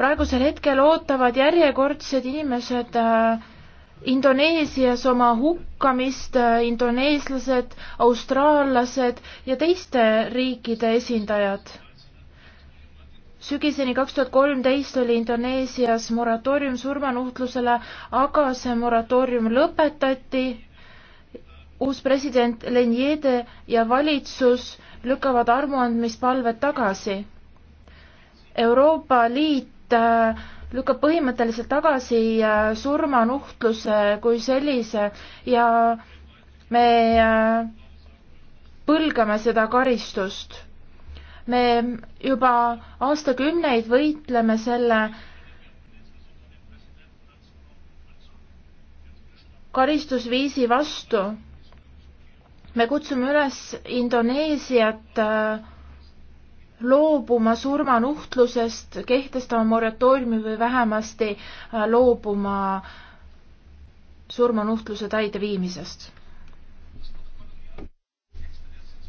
praegusel hetkel ootavad järjekordsed inimesed äh, Indoneesias oma hukkamist, äh, indoneeslased, austraallased ja teiste riikide esindajad. sügiseni kaks tuhat kolmteist oli Indoneesias moratoorium surmanuhtlusele, aga see moratoorium lõpetati. uus president Lenjede ja valitsus lükkavad armuandmispalved tagasi Euroopa Liit Äh, lükkab põhimõtteliselt tagasi äh, surmanuhtluse kui sellise ja me äh, põlgame seda karistust. me juba aastakümneid võitleme selle karistusviisi vastu. me kutsume üles Indoneesiat äh, loobuma surmanuhtlusest, kehtestama moratooriumi või vähemasti äh, loobuma surmanuhtluse täideviimisest